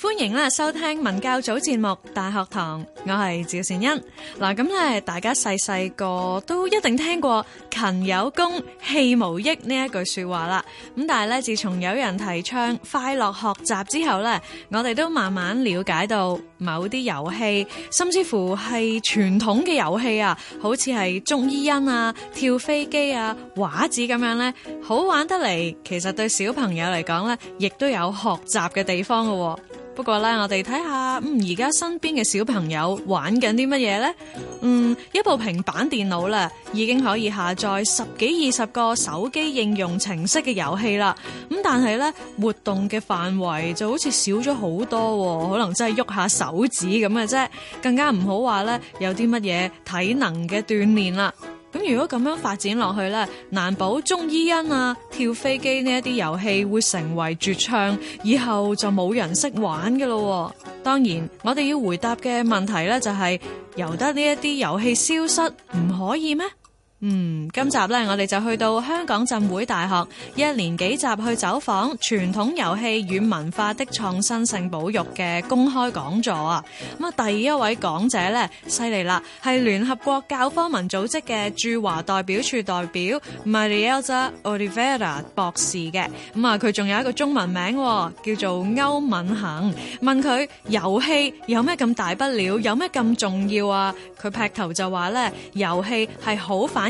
歡迎啦！收聽文教組節目《大學堂》，我係趙善欣嗱。咁咧，大家細細個都一定聽過勤有功，戲無益呢一句說話啦。咁但係咧，自從有人提倡快樂學習之後咧，我哋都慢慢了解到某啲遊戲，甚至乎係傳統嘅遊戲啊，好似係捉伊因啊、跳飛機啊、畫紙咁樣咧，好玩得嚟，其實對小朋友嚟講咧，亦都有學習嘅地方噶。不過咧，我哋睇下，嗯，而家身邊嘅小朋友玩緊啲乜嘢呢？嗯，一部平板電腦啦，已經可以下載十幾、二十個手機應用程式嘅遊戲啦。咁但係呢，活動嘅範圍就好似少咗好多，可能真係喐下手指咁嘅啫，更加唔好話呢，有啲乜嘢體能嘅鍛煉啦。咁如果咁樣發展落去咧，難保捉伊人啊、跳飛機呢啲遊戲會成為絕唱，以後就冇人識玩嘅咯。當然，我哋要回答嘅問題呢，就是，就係由得呢啲遊戲消失唔可以咩？嗯，今集咧，我哋就去到香港浸會大學，一連幾集去走訪傳統遊戲與文化的創新性保育嘅公開講座啊。咁啊，第一位講者咧，犀利啦，係聯合國教科文組織嘅駐華代表處代表 Marielza Oliveira 博士嘅。咁啊，佢仲有一個中文名叫做歐敏行。問佢遊戲有咩咁大不了，有咩咁重要啊？佢劈頭就話咧，遊戲係好反。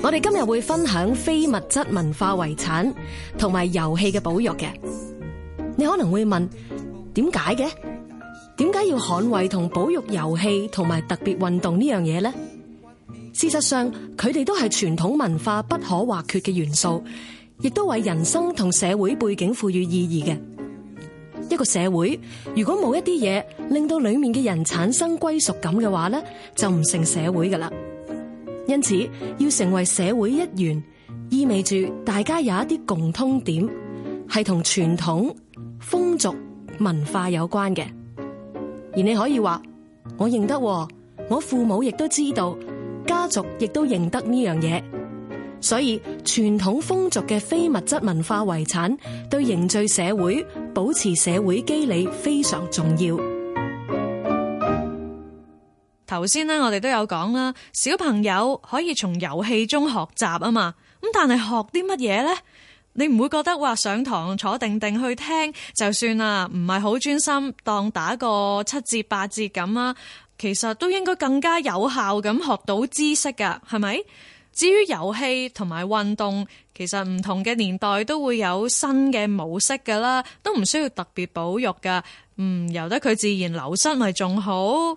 我哋今日會分享非物質文化遺產同埋遊戲嘅保育嘅。你可能會問，點解嘅？點解要捍衛同保育遊戲同埋特別運動呢樣嘢呢？事實上，佢哋都係傳統文化不可或缺嘅元素，亦都為人生同社會背景賦予意義嘅。一個社會如果冇一啲嘢令到裏面嘅人產生歸屬感嘅話咧，就唔成社會噶啦。因此，要成為社會一員，意味住大家有一啲共通點，係同傳統風俗文化有關嘅。而你可以話，我認得，我父母亦都知道，家族亦都認得呢樣嘢。所以，傳統風俗嘅非物質文化遺產，對凝聚社會、保持社會肌理非常重要。頭先咧，我哋都有講啦，小朋友可以從遊戲中學習啊嘛。咁但係學啲乜嘢呢？你唔會覺得話，上堂坐定定去聽就算啦，唔係好專心，當打個七折八折咁啊。其實都應該更加有效咁學到知識噶，係咪？至於遊戲同埋運動，其實唔同嘅年代都會有新嘅模式噶啦，都唔需要特別保育噶。唔、嗯、由得佢自然流失咪仲好。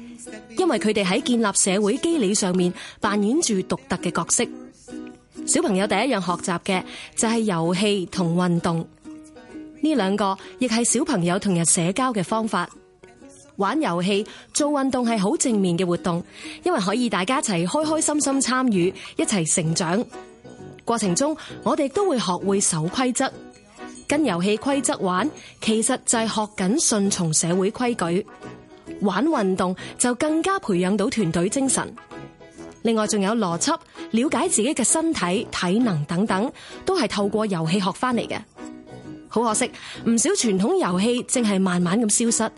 因為佢哋喺建立社會機理上面扮演住獨特嘅角色。小朋友第一樣學習嘅就係遊戲同運動，呢兩個亦係小朋友同人社交嘅方法。玩遊戲做運動係好正面嘅活動，因為可以大家一齊開開心心參與，一齊成長。過程中我哋都會學會守規則，跟遊戲規則玩，其實就係學緊順從社會規矩。玩運動就更加培養到團隊精神。另外仲有邏輯、了解自己嘅身體、體能等等，都係透過遊戲學翻嚟嘅。好可惜，唔少傳統遊戲淨係慢慢咁消失。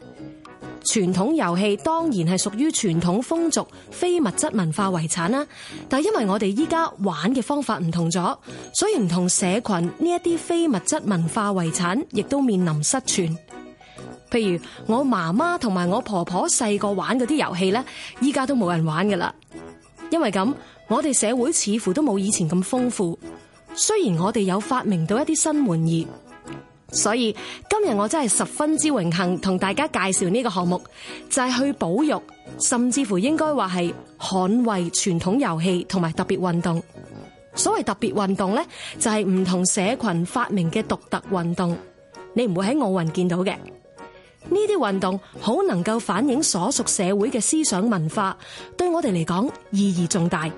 傳統遊戲當然係屬於傳統風俗、非物質文化遺產啦。但因為我哋依家玩嘅方法唔同咗，所以唔同社群呢一啲非物質文化遺產，亦都面臨失傳。譬如我媽媽同埋我婆婆細個玩嗰啲遊戲呢，依家都冇人玩噶啦。因為咁，我哋社會似乎都冇以前咁豐富。雖然我哋有發明到一啲新玩意，所以今日我真係十分之榮幸同大家介紹呢個項目，就係去保育，甚至乎應該話係捍衛傳統遊戲同埋特別運動。所謂特別運動呢，就係唔同社群發明嘅獨特運動，你唔會喺奧運見到嘅。呢啲運動好能夠反映所屬社會嘅思想文化，對我哋嚟講意義重大。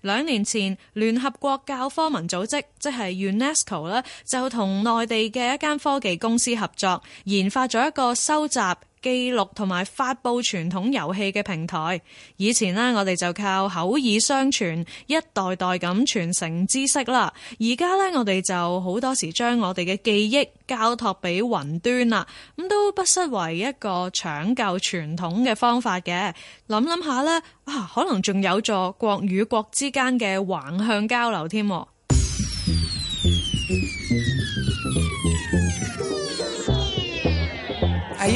兩年前，聯合國教科文組織，即係 UNESCO 啦，就同內地嘅一間科技公司合作，研發咗一個收集、記錄同埋發佈傳統遊戲嘅平台，以前呢，我哋就靠口耳相傳，一代代咁傳承知識啦。而家呢，我哋就好多時將我哋嘅記憶交託俾雲端啦，咁都不失為一個搶救傳統嘅方法嘅。諗諗下呢，啊，可能仲有助國與國之間嘅橫向交流添。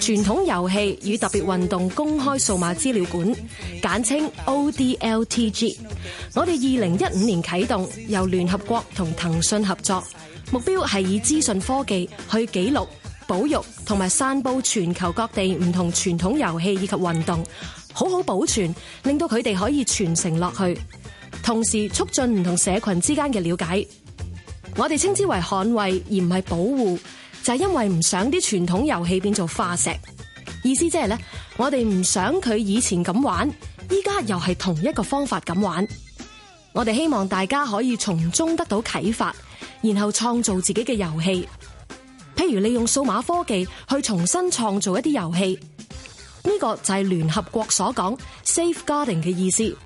傳統遊戲與特別運動公開數碼資料館，簡稱 ODLTG。我哋二零一五年啟動，由聯合國同騰訊合作，目標係以資訊科技去紀錄、保育同埋散布全球各地唔同傳統遊戲以及運動，好好保存，令到佢哋可以傳承落去，同時促進唔同社群之間嘅了解。我哋稱之為捍衛，而唔係保護。就係因為唔想啲傳統遊戲變做化石，意思即係咧，我哋唔想佢以前咁玩，依家又係同一個方法咁玩。我哋希望大家可以從中得到啟發，然後創造自己嘅遊戲。譬如利用數碼科技去重新創造一啲遊戲，呢個就係聯合國所講 safeguarding 嘅意思，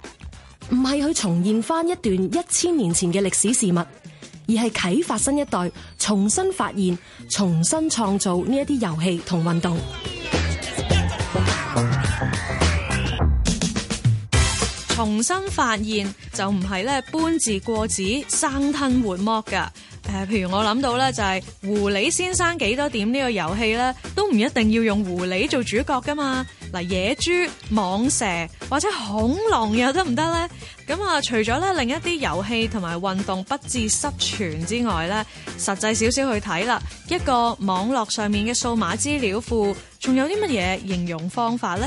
唔係去重現翻一段一千年前嘅歷史事物。而係啟發新一代，重新發現、重新創造呢一啲遊戲同運動。重新發現就唔係咧，搬字過紙、生吞活剝噶。誒，譬如我諗到咧，就係狐狸先生幾多點呢個遊戲咧，都唔一定要用狐狸做主角噶嘛。嗱，野豬、蟒蛇或者恐龍又得唔得呢？咁啊，除咗咧令一啲遊戲同埋運動不致失傳之外咧，實際少少去睇啦，一個網絡上面嘅數碼資料庫，仲有啲乜嘢形容方法呢？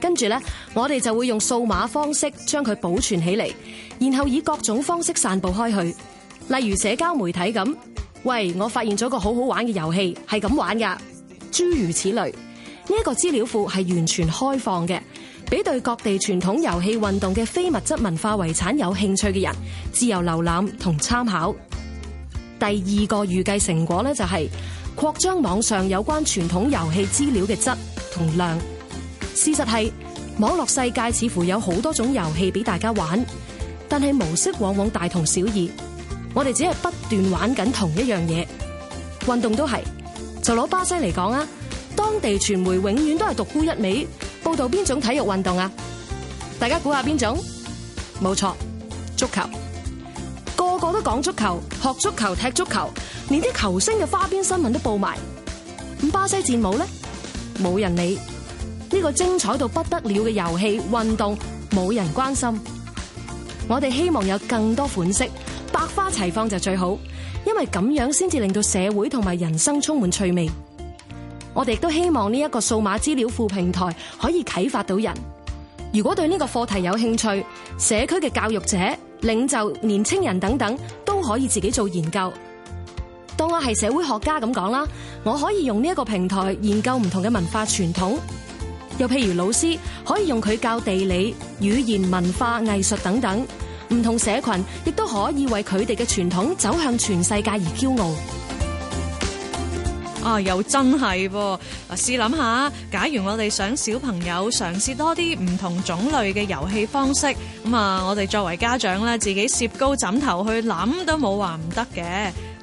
跟住呢，我哋就會用數碼方式將佢保存起嚟，然後以各種方式散布開去，例如社交媒體咁。喂，我發現咗個好好玩嘅遊戲，係咁玩噶，諸如此類。呢、這、一個資料庫係完全開放嘅，俾對各地傳統遊戲運動嘅非物質文化遺產有興趣嘅人自由瀏覽同參考。第二個預計成果呢、就是，就係擴張網上有關傳統遊戲資料嘅質同量。事實係，網絡世界似乎有好多種遊戲俾大家玩，但係模式往往大同小異。我哋只係不斷玩緊同一樣嘢，運動都係。就攞巴西嚟講啊，當地傳媒永遠都係獨沽一味，報道邊種體育運動啊？大家估下邊種？冇錯，足球。個個都講足球，學足球，踢足球，連啲球星嘅花邊新聞都報埋。咁巴西戰舞咧，冇人理。呢個精彩到不得了嘅遊戲運動，冇人關心。我哋希望有更多款式，百花齊放就最好，因為咁樣先至令到社會同埋人生充滿趣味。我哋亦都希望呢一個數碼資料庫平台可以啟發到人。如果對呢個課題有興趣，社區嘅教育者、領袖、年青人等等，都可以自己做研究。當我係社會學家咁講啦，我可以用呢一個平台研究唔同嘅文化傳統。又譬如老師可以用佢教地理、語言、文化、藝術等等，唔同社群亦都可以為佢哋嘅傳統走向全世界而驕傲。啊，又真係，試諗下，假如我哋想小朋友嘗試多啲唔同種類嘅遊戲方式，咁啊，我哋作為家長咧，自己攝高枕頭去諗都冇話唔得嘅。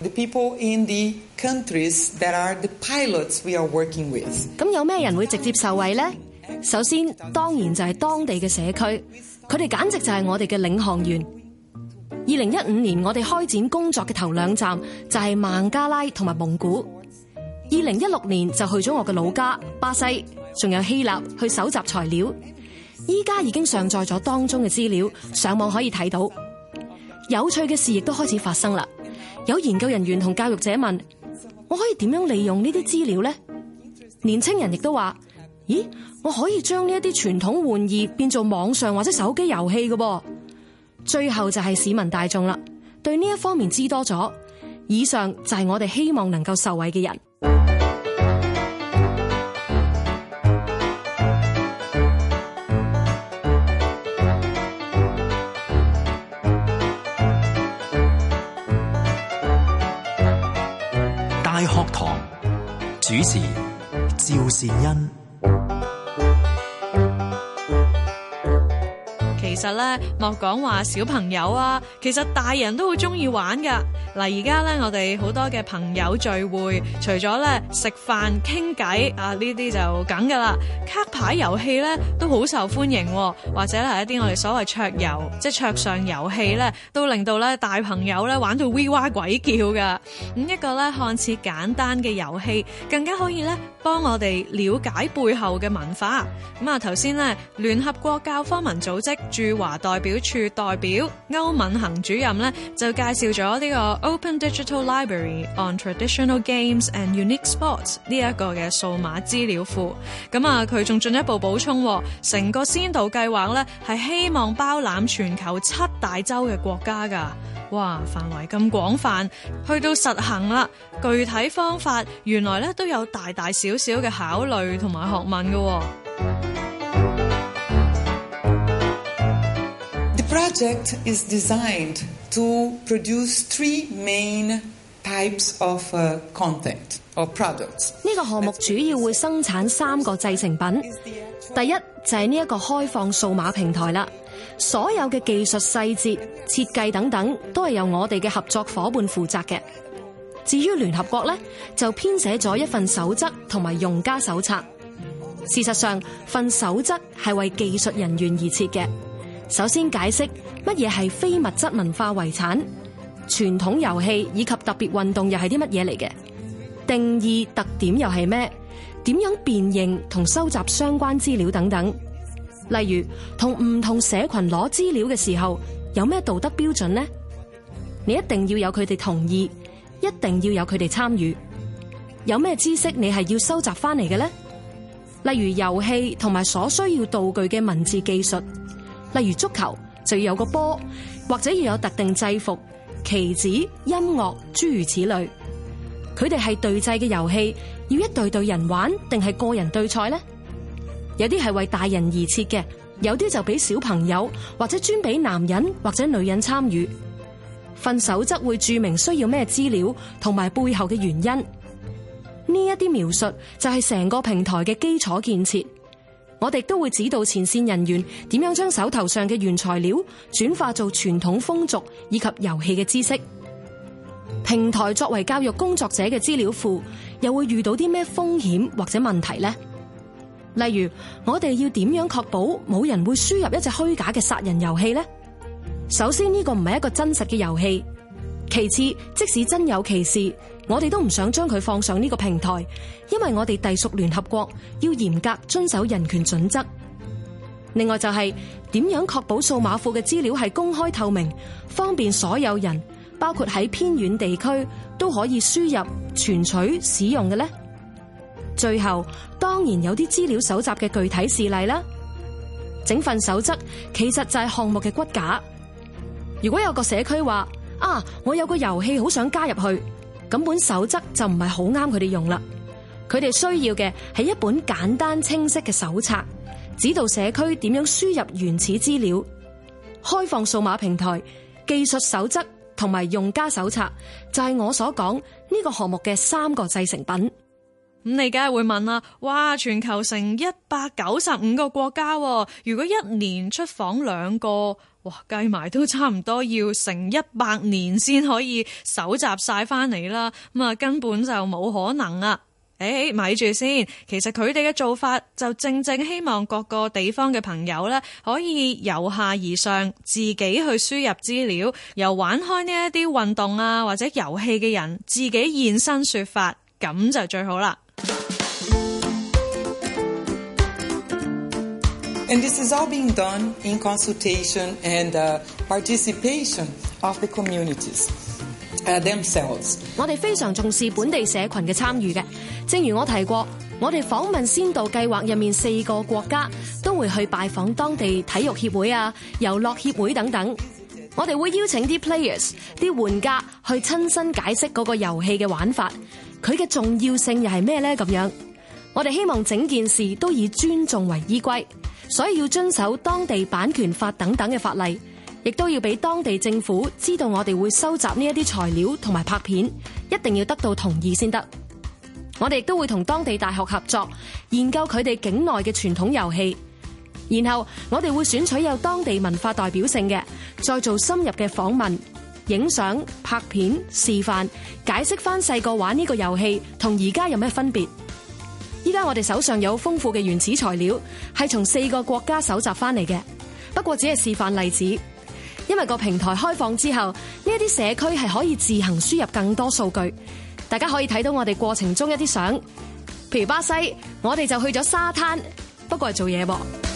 The people in the countries that are the pilots we are working with。咁有咩人會直接受惠呢？首先，當然就係當地嘅社區，佢哋簡直就係我哋嘅領航員。二零一五年，我哋開展工作嘅頭兩站就係孟加拉同埋蒙古。二零一六年就去咗我嘅老家巴西，仲有希臘去搜集材料。依家已經上載咗當中嘅資料，上網可以睇到。有趣嘅事亦都開始發生啦。有研究人員同教育者問：我可以點樣利用呢啲資料呢？年青人亦都話：咦，我可以將呢一啲傳統玩意變做網上或者手機遊戲㗎噃。最後就係市民大眾啦，對呢一方面知多咗。以上就係我哋希望能夠受惠嘅人。趙善恩。其實咧，莫講話小朋友啊，其實大人都好中意玩噶。嗱，而家咧，我哋好多嘅朋友聚會，除咗咧食飯傾偈啊，呢啲就梗噶啦。卡牌遊戲咧都好受歡迎，或者係一啲我哋所謂桌遊，即係桌上遊戲咧，都令到咧大朋友咧玩到哇哇鬼叫噶。咁一個咧看似簡單嘅遊戲，更加可以咧幫我哋了解背後嘅文化。咁啊，頭先咧，聯合國教科文組織華代表處代表歐敏行主任咧，就介紹咗呢個 Open Digital Library on Traditional Games and Unique Sports 呢一個嘅數碼資料庫。咁啊，佢仲進一步補充，成、哦、個先導計劃咧係希望包攬全球七大洲嘅國家噶。哇，範圍咁廣泛，去到實行啦。具體方法原來咧都有大大小小嘅考慮同埋學問噶。The project is designed to produce three main types of content or products. 呢、這個項目主要會生產三個製成品。第一就係呢一個開放數碼平台啦，所有嘅技術細節、設計等等都係由我哋嘅合作夥伴負責嘅。至於聯合國呢，就編寫咗一份守則同埋用家手冊。事實上，份守則係為技術人員而設嘅。首先解釋乜嘢係非物質文化遺產、傳統遊戲以及特別運動又係啲乜嘢嚟嘅？定義特點又係咩？點樣辨認同收集相關資料等等？例如同唔同社群攞資料嘅時候有咩道德標準呢？你一定要有佢哋同意，一定要有佢哋參與。有咩知識你係要收集翻嚟嘅呢？例如遊戲同埋所需要道具嘅文字技術。例如足球就要有個波，或者要有特定制服、棋子、音樂，諸如此類。佢哋係對製嘅遊戲，要一對對人玩，定係個人對賽咧？有啲係為大人而設嘅，有啲就俾小朋友或者專俾男人或者女人參與。份守則會注明需要咩資料同埋背後嘅原因。呢一啲描述就係成個平台嘅基礎建設。我哋都會指導前線人員點樣將手頭上嘅原材料轉化做傳統風俗以及遊戲嘅知識。平台作為教育工作者嘅資料庫，又會遇到啲咩風險或者問題呢？例如，我哋要點樣確保冇人會輸入一隻虛假嘅殺人遊戲呢？首先，呢個唔係一個真實嘅遊戲。其次，即使真有其事，我哋都唔想將佢放上呢個平台，因為我哋隸屬聯合國，要嚴格遵守人權準則。另外就係點樣確保數碼庫嘅資料係公開透明，方便所有人，包括喺偏遠地區都可以輸入、存取、使用嘅呢。最後，當然有啲資料搜集嘅具體事例啦。整份守則其實就係項目嘅骨架。如果有個社區話。啊！我有個遊戲好想加入去，咁本守則就唔係好啱佢哋用啦。佢哋需要嘅係一本簡單清晰嘅手冊，指導社區點樣輸入原始資料。開放數碼平台技術守則同埋用家手冊，就係我所講呢個項目嘅三個製成品。咁你梗係會問啦，哇！全球成一百九十五個國家，如果一年出訪兩個。哇，計埋都差唔多要成一百年先可以搜集晒翻嚟啦，咁啊根本就冇可能啊！誒、欸，咪住先，其實佢哋嘅做法就正正希望各個地方嘅朋友呢，可以由下而上，自己去輸入資料，由玩開呢一啲運動啊或者遊戲嘅人自己現身說法，咁就最好啦。And this is all being done in consultation and, uh, participation of the communities, uh, themselves. 我哋非常重視本地社群嘅參與嘅。正如我提過，我哋訪問先導計劃入面四個國家，都會去拜訪當地體育協會啊、遊樂協會等等。我哋會邀請啲 players、啲玩家去親身解釋嗰個遊戲嘅玩法，佢嘅重要性又係咩咧？咁樣，我哋希望整件事都以尊重為依歸。所以要遵守當地版權法等等嘅法例，亦都要俾當地政府知道我哋會收集呢一啲材料同埋拍片，一定要得到同意先得。我哋亦都會同當地大學合作，研究佢哋境內嘅傳統遊戲，然後我哋會選取有當地文化代表性嘅，再做深入嘅訪問、影相、拍片、示範、解釋翻細個玩呢個遊戲同而家有咩分別。依家我哋手上有豐富嘅原始材料，係從四個國家搜集翻嚟嘅。不過只係示範例子，因為個平台開放之後，呢一啲社區係可以自行輸入更多數據。大家可以睇到我哋過程中一啲相，譬如巴西，我哋就去咗沙灘，不過係做嘢喎。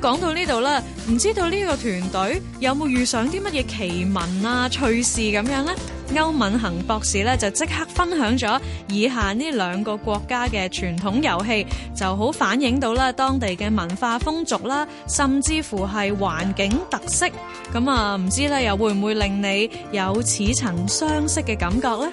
講到呢度啦，唔知道呢個團隊有冇遇上啲乜嘢奇聞啊趣事咁樣呢？歐敏行博士咧就即刻分享咗以下呢兩個國家嘅傳統遊戲，就好反映到啦當地嘅文化風俗啦，甚至乎係環境特色。咁啊，唔知咧又會唔會令你有似曾相識嘅感覺呢？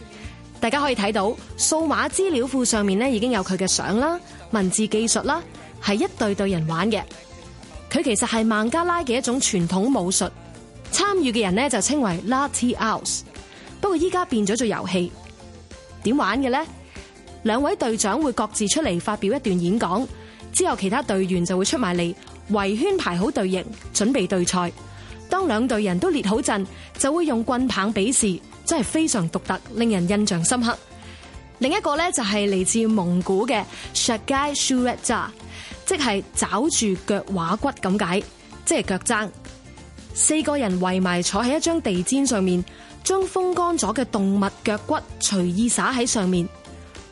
大家可以睇到，數碼資料庫上面呢已經有佢嘅相啦、文字技術啦，係一隊隊人玩嘅。佢其實係孟加拉嘅一種傳統武術，參與嘅人呢就稱為 Lathiows。不過依家變咗做遊戲，點玩嘅呢？兩位隊長會各自出嚟發表一段演講，之後其他隊員就會出埋嚟圍圈排好隊形，準備對賽。當兩隊人都列好陣，就會用棍棒比試。真係非常獨特，令人印象深刻。另一個咧就係嚟自蒙古嘅 Shagai Shureta，即係找住腳畫骨咁解，即係腳踭。四個人圍埋坐喺一張地氈上，上面，將風乾咗嘅動物腳骨隨意撒喺上面。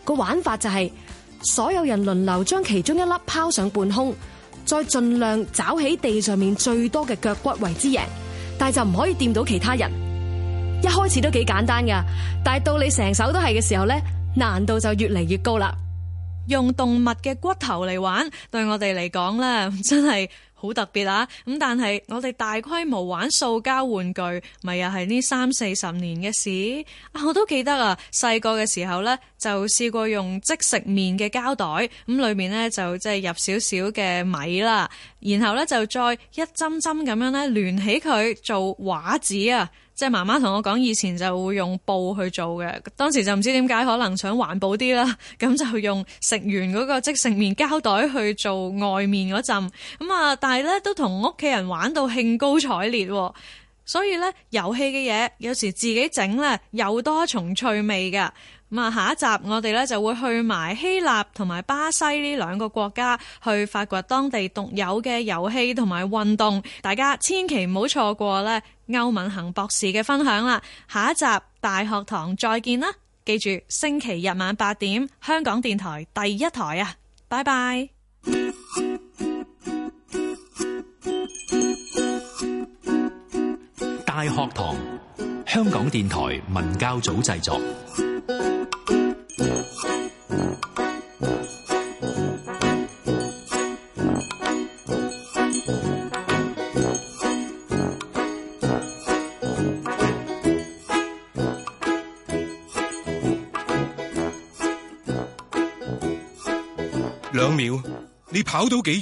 個玩法就係、是、所有人輪流將其中一粒拋上半空，再盡量找起地上面最多嘅腳骨為之贏，但係就唔可以掂到其他人。一開始都幾簡單噶，但係到你成手都係嘅時候呢，難度就越嚟越高啦。用動物嘅骨頭嚟玩，對我哋嚟講呢，真係好特別啊。咁但係我哋大規模玩塑膠玩具，咪又係呢三四十年嘅事啊。我都記得啊，細個嘅時候呢，就試過用即食麵嘅膠袋咁，裏面呢，就即係入少少嘅米啦，然後呢，就再一針針咁樣呢，聯起佢做畫紙啊。即係媽媽同我講，以前就會用布去做嘅，當時就唔知點解，可能想環保啲啦，咁就用食完嗰個即食麵膠袋去做外面嗰陣，咁啊，但係咧都同屋企人玩到興高采烈，所以呢，遊戲嘅嘢，有時自己整呢，有多重趣味嘅。咁啊，下一集我哋呢就會去埋希臘同埋巴西呢兩個國家去發掘當地獨有嘅遊戲同埋運動，大家千祈唔好錯過呢。歐敏行博士嘅分享啦，下一集大學堂再見啦！記住星期日晚八點，香港電台第一台啊，拜拜！大學堂，香港電台文教組製作。秒，你跑到幾遠？